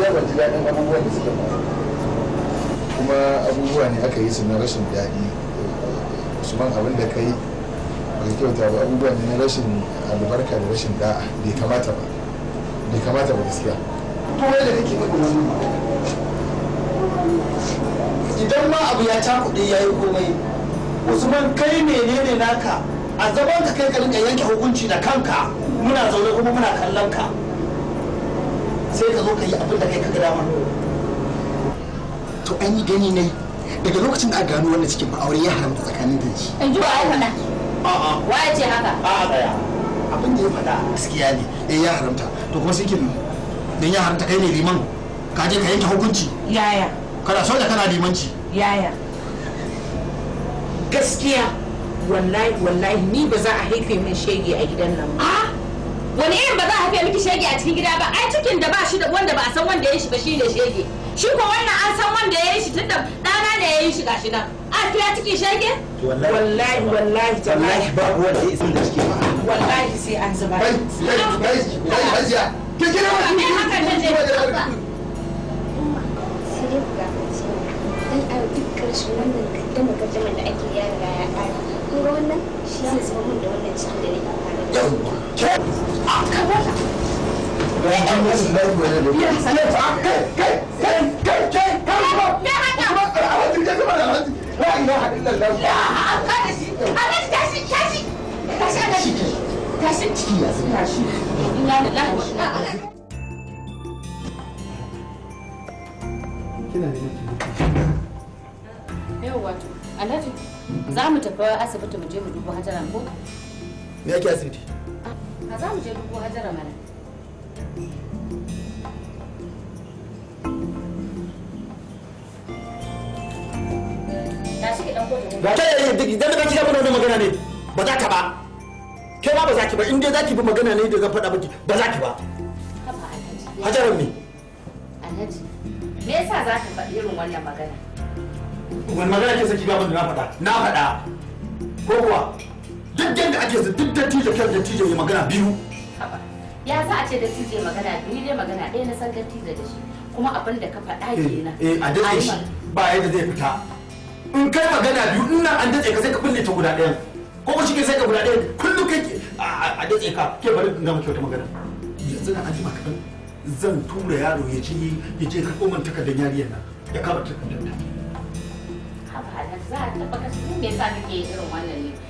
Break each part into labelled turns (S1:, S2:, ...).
S1: gaskiya ban ji daɗin abubuwan da suka faru kuma abubuwa ne aka yi su na rashin daɗi usman abin da kai bai kyauta ba abubuwa ne na rashin albarka da rashin da'a bai kamata ba bai kamata ba gaskiya kuma da kake kuma idan ma abu ya kuɗi ya yi komai usman kai menene naka a zaman ka kai ka rinka yanke hukunci da kanka muna zaune kuma muna kallon ka sai ka zo ka yi abin da kai ka dama to an yi gani ne daga lokacin da aka gano wannan cikin aure ya haramta tsakanin da shi
S2: in ji wa ai faɗa a'a wa ya ce
S1: haka a tsaya abin da ya faɗa gaskiya ne eh ya haramta to kuma sai kin dan ya haramta kai ne liman ka je ka yanke hukunci yaya kana soja kana limanci
S2: yaya gaskiya wallahi wallahi ni ba za a haife min shege a gidan nan ba wani irin ba za a haife miki shege a cikin gida ba ai cikin da ba shi da wanda ba a san wanda ya shi ba shi ne shege shi ko wannan an san wanda ya yi shi tunda dana ne ya yi shi gashi nan a fiya cikin shege
S1: wallahi wallahi wallahi ba wanda ya isin da ciki wallahi
S2: sai an zuba bai bai bai bai hajiya ke kira wasu ne haka ta je dan wannan da ake yara ya ƙara kun wannan shi ne zama mun da wannan cikin da ne a yawwa an
S1: kai kai kai kai kai
S2: alhaji ya za mu tafi asibiti mu je mu duba hajara ko me yake asibiti a za mu je dubu hajara mana ba
S1: ta yayi duk idan ka kika wannan magana ne ba za ka ba ke ma ba za ki ba in dai za ki bi magana ne da zan faɗa miki ba za ki ba hajaran me
S2: alhaji me yasa za ka faɗi irin wannan magana
S1: wani magana ke saki ba mun na faɗa na faɗa ko kuwa duk yadda ake su duk da dattijo kyan dattijo ya magana biyu
S2: ya za a ce dattijo ya magana biyu dai magana ɗaya na san dattijo da shi kuma abin da ka faɗa eh,
S1: kenan eh a daɗe shi ba yadda zai fita in kai magana biyu in nan an daɗe ka sai ka kulle ta guda ɗayan ko ba shi ke sai ka guda ɗayan kullum kai a daɗe ka ke bari in gama kyauta magana yanzu na an jima zan tura yaro ya je ya je karɓo man takardar yariyar nan ya kama takardar ta.
S2: Haba, za a taɓa kasu me yasa kake irin wannan ne?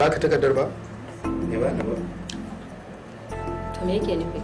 S1: ba ka takardar ba? ne ba na ba
S2: to me yake nufi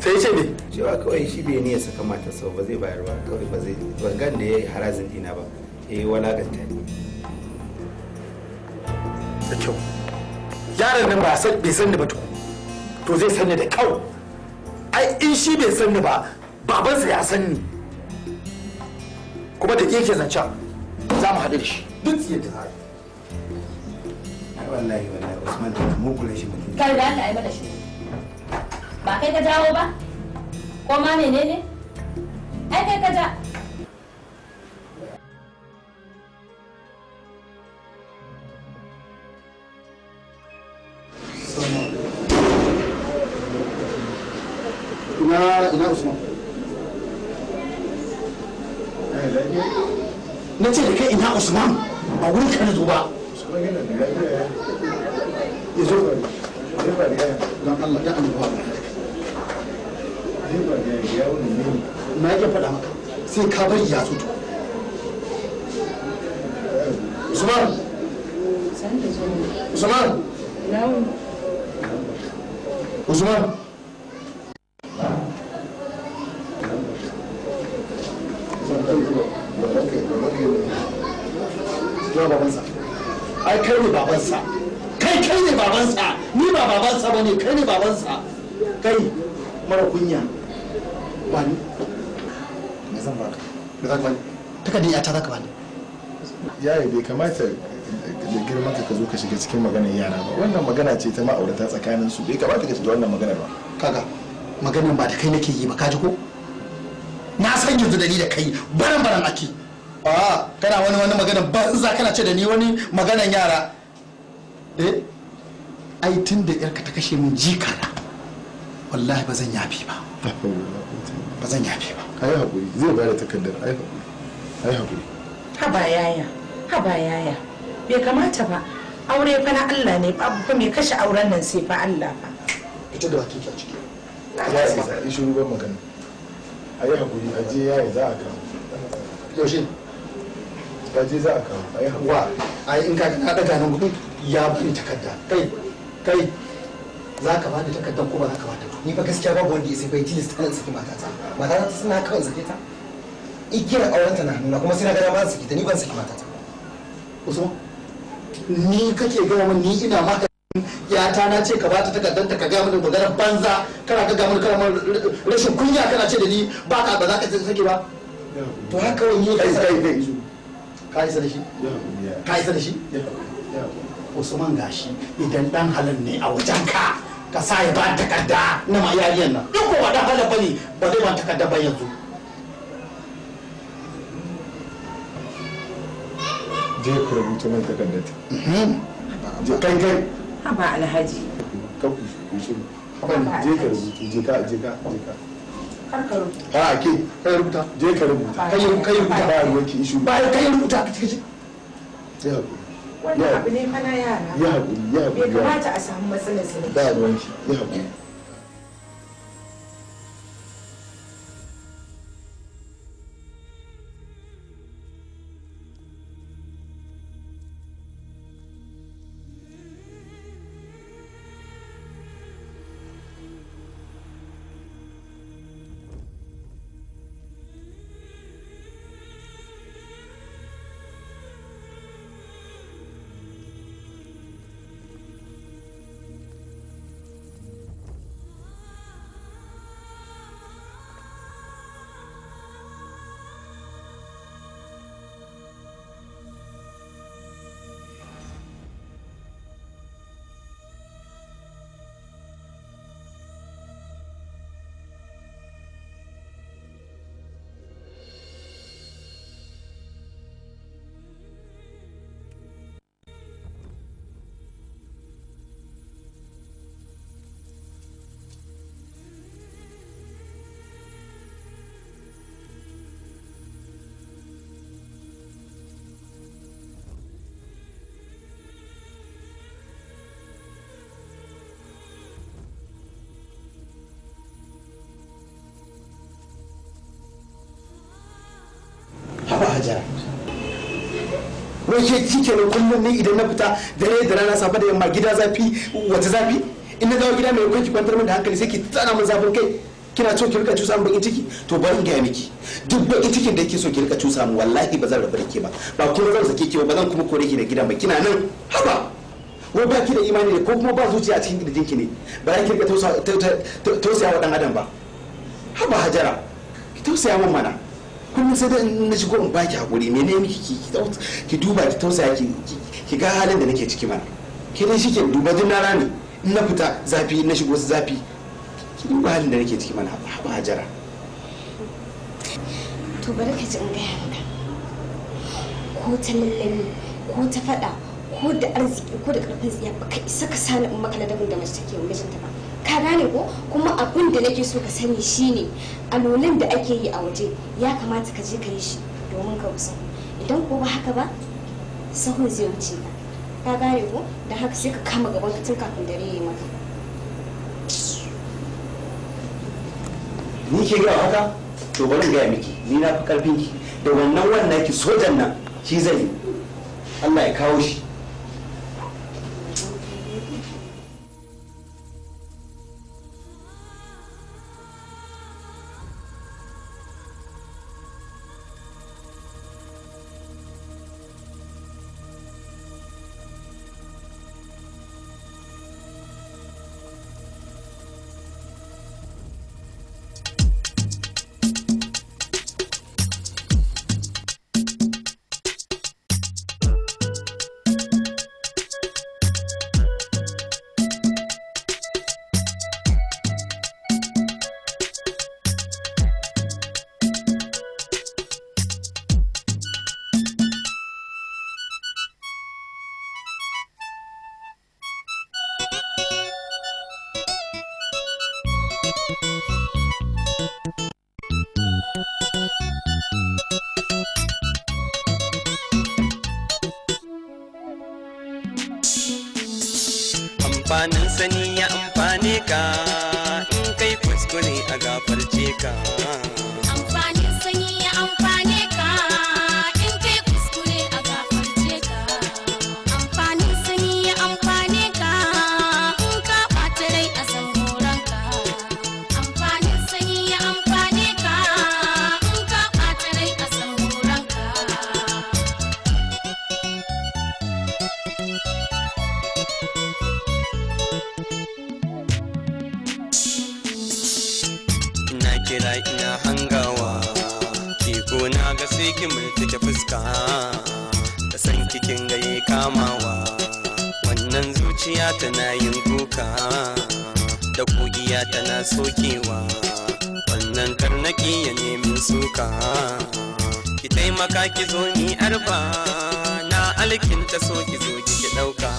S1: sai ce ne cewa kawai shi bai niyya saka mata sau ba zai bayar ba kawai ba zai ban gan da ya yi harazin dina ba ya yi walaganta ne da kyau yaran nan ba san bai sanni ba to to zai sanni da kyau ai in shi bai sanni ba babansa ya sanni kuma da ke ke zancen za mu haɗu da shi duk yadda za wallahi wallahi Usman da mu kula shi mutum
S2: kai da Allah ai shi ba kai ka jawo ba ko ma menene ai kai ka ja
S1: ina ina usman na ce da kai ina usman a wurin ka na zo ba don Allah ya annabawa na iya faɗa maka sai ka bari ya fito Usman Usman Usman wawansa kai mara kunya ba ni me zan baka me zaka ka bani takardar yata za bani yaya bai kamata da girman ka zo ka shiga cikin maganar yara ba wannan magana ce ta ma'aurata tsakanin su bai kamata ka shiga wannan magana ba kaga maganar ba da kai nake yi ba kaji ko na san yanzu da ni da kai baran baran ake a kana wani wani magana ba in za kana ce da ni wani maganar yara eh ai tun da yarka ta kashe min jika na wallahi ba zan yafi ba ba zan yafi ba ai hakuri zai bada takardar ai hakuri ai
S2: hakuri ba yaya ba yaya bai kamata ba aure fa na Allah ne babu fa mai kashe auren nan sai fa Allah fa
S1: ita da wato ta ciki ya isa in shiru ban magana ai hakuri aje yaya za a kawo yaushe ba je za a kawo ai wa ai in ka ka daga nan gudu ya bani takarda kai kai za ka bada takardar ko ba za ka bada ba ni fa gaskiya babu wanda ya sai bai tilasta kan saki matata matata ta suna kawai sake ta igiyar auren ta na nuna kuma sai na ga ma saki ta ni ban saki matata usman ni kake gaya min ni ina maka ya ta na ce ka ba ta takardar ta ka ga mun maganar banza kana ka gaya kana rashin kunya kana ce da ni ba ka ba za ka sake ba to haka wani kai ka isa da shi kai da shi usman gashi idan dan halin ne a wajen ka ka sa ya ba takarda na yariyan nan duk kowa dan halin bane ba zai ba takarda ba yanzu je ku rubuta man takarda ta je hmm. kai kai
S2: haba alhaji
S1: ka ku shiru je ka rubuta je ka je ka je ka
S2: har
S1: a ke kai rubuta je ka rubuta kai kai rubuta ba ruwanki issue ba kai rubuta ka ce ka ce
S2: wannan abu ne fa na yara bai kamata a samu matsalar sa ba ruwan
S1: ya haƙuri hajara wai ke cike da kullum ni idan na fita dare da rana safa da yamma gida zafi wata zafi in na dawo gida mai kai ki kwantar min da hankali sai ki tsana min zafin kai kina so ki rika cusa min bakin ciki to bari in gaya miki duk bakin cikin da yake so ki rika cusa min wallahi ba zan rabu da ke ba ba kuma zan sake ki ba zan kuma kore ki da gidan ba kina nan haba wai ba ki da imani ne ko kuma ba zuciya a cikin kirjin ki ne ba za ki rika tausaya wa dan adam ba haba hajara ki tausaya min mana kullum sai dai na shigo gurin baki hakuri me ne miki ki duba ki tausaya ki ki ga halin da nake ciki mana ke dai shike duba din rana ne in na fita zafi na shigo su zafi ki duba halin da nake ciki mana ba hajara to bari ka ji in ga ko ta lallani ko ta fada ko da arziki ko da karfin tsiya baka isa ka sani in maka ladabin da mace take wa mijinta ba ka gane ko kuma abin da nake so ka
S2: sani shine alolan da ake yi a waje ya kamata ka je ka yi shi domin ka kusa idan ko ba haka ba sahun zai wuce ka ka gane ko da haka sai ka
S1: kama gaban ka tun kafin dare ya maka ni ke gaya haka to bari ga miki ni na fi karfin ki da wannan wannan ki sojan nan shi zai Allah ya kawo shi
S3: amfanin sani ya amfane ka in kai kuskure a gafarce ka amfanin
S2: sani ya amfane
S3: kira ina hangawa ki na ga sai ki mulki fuska da san kikin gaye kamawa wannan zuciya tana yin kuka da kugiya tana sokewa wannan karnaki ya nemi suka ki taimaka ki zo ni arba na alkinta so ki zo ki ɗauka.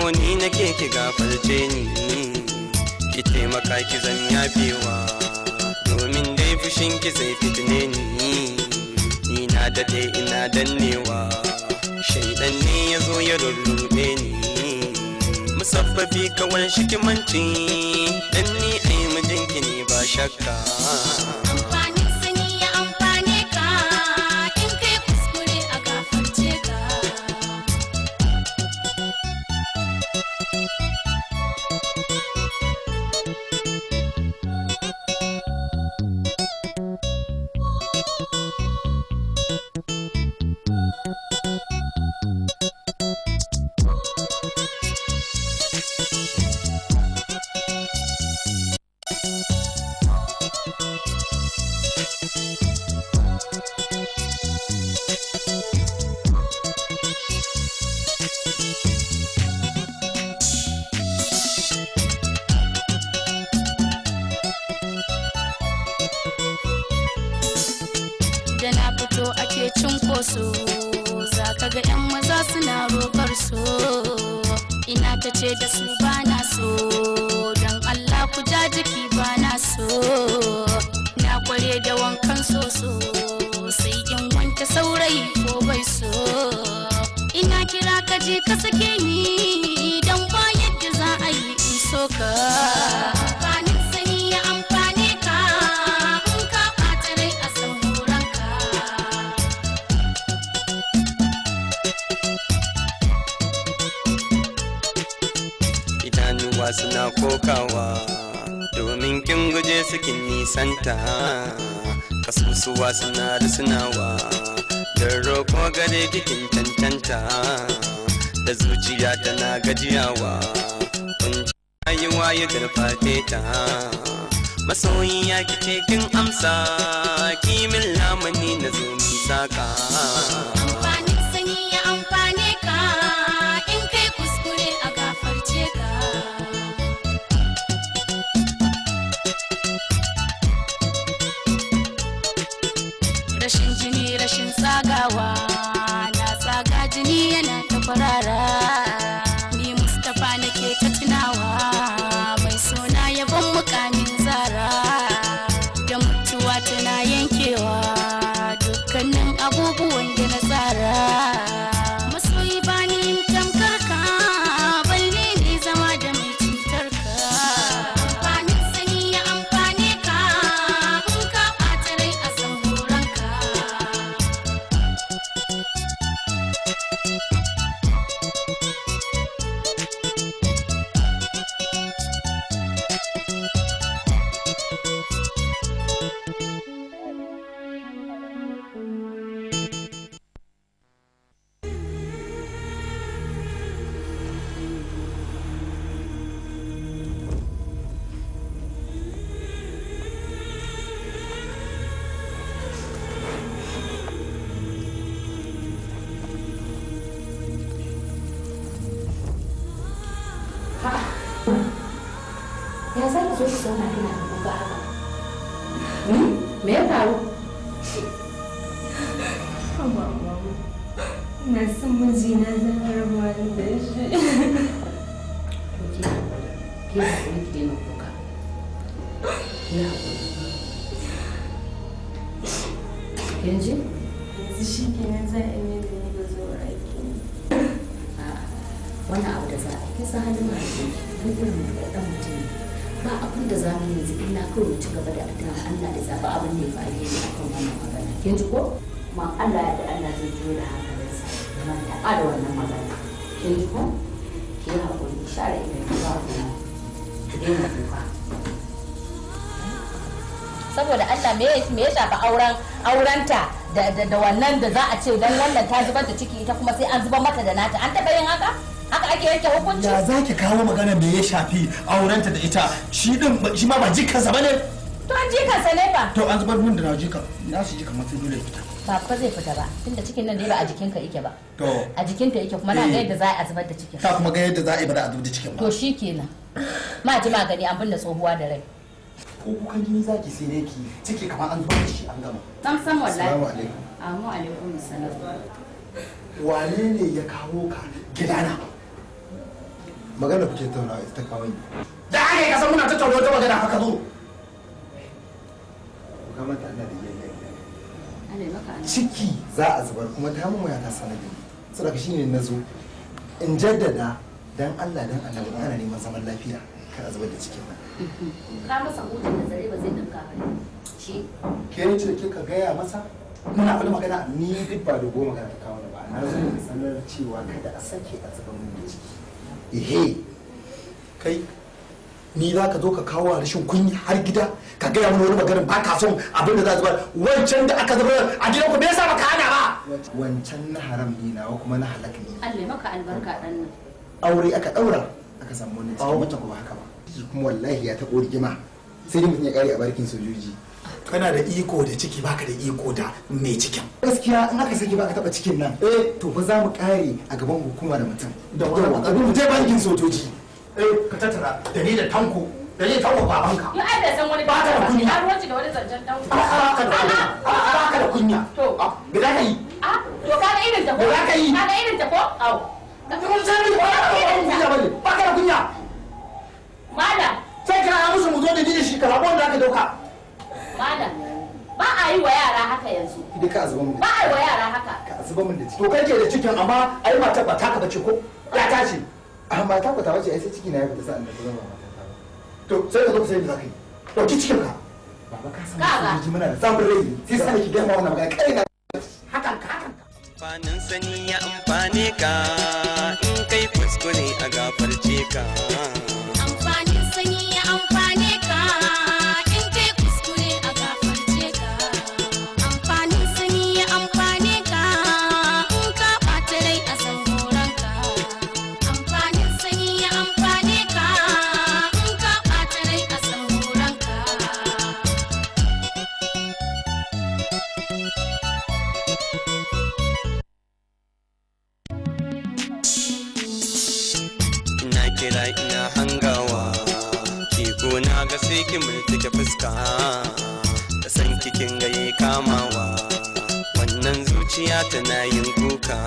S3: ko ni nake ki gafarce ni ki taimaka ki zan yafewa domin dai fushin ki zai fitne ni ni na dai ina dannewa shaidan ne ya zo ya rurrube ni musaffafi kawai shikimanci dan ni ai mijinki ne ba shakka
S2: so na kware da wankan soso sai in wanke saurayi ko bai so ina kira ka je ka sake ni dan ba yadda za a yi in so ka
S3: idanuwa suna kokawa waje suke nisanta kasusuwa suna da sunawa don roƙo gare gikin cancanta da zuciya tana gajiyawa rayuwa ya karfafe ta ya kike kin amsa kimin lamani na zo saka
S2: zauna kina kuka haka hmm? me ya faru na san mijina zan rabuwa da shi ke yanzu shi kenan za a yi da ni ba zuwa aiki wani abu da za a yi kisa halin masu duk wani da ɗan mutum ba abin da za mu yi yanzu illa kawai ci gaba da addu'a Allah da zaba abin da ya faru ne kan wannan magana kin ji ko ma Allah ya da Allah zai jiyo da hankalinsa kuma da ada wannan magana kin ji ko ki hakuri share idan ki ba ku ki daina saboda Allah me me ya shafa auren aurenta da da wannan da za a ce dan wannan ta zubar da ciki ita kuma sai an zubar mata da nata an taba yin haka haka ake yanke hukunci ya za ki
S1: kawo magana da ya shafi aurenta da ita shi din shi ma ba jikansa bane
S2: to an jikansa ne ba to
S1: an zubar min da na jika na su jika masu dole fita
S2: ba fa zai fita ba tunda cikin nan dai ba a jikinka yake ba to a jikinta yake kuma na ga yadda za a zubar da cikin ta kuma ga yadda
S1: za a yi ba da a zubar da cikin ba to
S2: shikenan ma ji magani an binne tsohuwa da rai
S1: ko kukan jini za ki sai ne ki ciki kamar an zubar da shi an gama
S2: sam sam wallahi assalamu alaikum amma alaikum salam
S1: wane ne ya kawo ka gidana magana kuke tauna a ta kawai da aka yi kasan muna tattauna wata magana haka zo ku ga ana da ciki za a zubar kuma ta mu ya ta sanadi saboda shine na zo in jaddada dan Allah dan ba ana neman zaman lafiya kar a zubar da cikin nan
S2: mhm. ka masa hutun da zare ba zai dinka ba
S1: ke ce ka gaya masa muna faɗi magana ni duk ba da goma kana ta kawo da ba na zo sanar cewa kada a sake a zubar mun da ciki ihe kai ni za ka zo ka kawo rashin kunya har gida ka gaya mana wani maganin ba ka son abin da za zubar wancan da aka zubar a gidan ku me yasa baka hana ba wancan na haram ne nawa kuma na halak
S2: ne Allah maka albarka dan nan
S1: aure aka daura aka samu wani ba wata kuma haka ba kuma wallahi ya taɓo rigima sai dai mutum ya kare a barkin sojoji kana da iko da ciki baka da iko da mai cikin gaskiya in aka saki baka taba cikin nan eh to ba za mu kare a gaban hukuma da mutum da wannan abin je bankin sojoji eh ka tattara da ni da tanko da ni tanko babanka ya
S2: ai da san wani baka da kunya har wanci da wani zanjan tanko baka da kunya ka da kunya to ah, me da ka yi a ah, to ka ga irin ta ko za ka yi ka ga irin ta ko au da kuma ba ka baka da kunya mala
S1: sai ka musu mu zo da ni da shi ka rabo da ka dauka
S2: malam ba a yi wa yara haka yanzu
S1: da ka azuba mun ba a yi wa yara haka ka azuba mun da ciki to kake da cikin amma ai mata ba taka bace ko ya tashi amma ta ba ta wace ai sai ciki na ya fita sa'an da ku zama mata ta to sai ka zo sai da zaka yi dauki cikin ka
S2: baba ka san ka
S1: ji muna da samun rai sai sai ki ga wannan magana kai na hakan ka hakan ka
S3: amfanin sani ya amfane ka in kai kuskure a gafarce ka kira ina hangawa ki gona ga sai ki murtuke fuska da san kikin gaye kamawa wannan zuciya tana yin kuka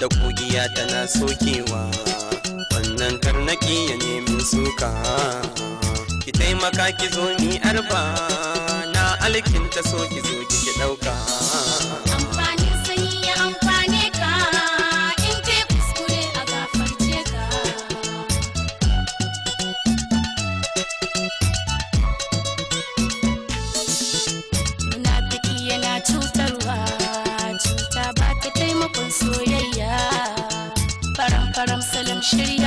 S3: da kugiya tana sokewa wannan karnaki ya nemi suka ki taimaka ki zo ni arba na alkinta so ki zo ki ɗauka
S2: shitty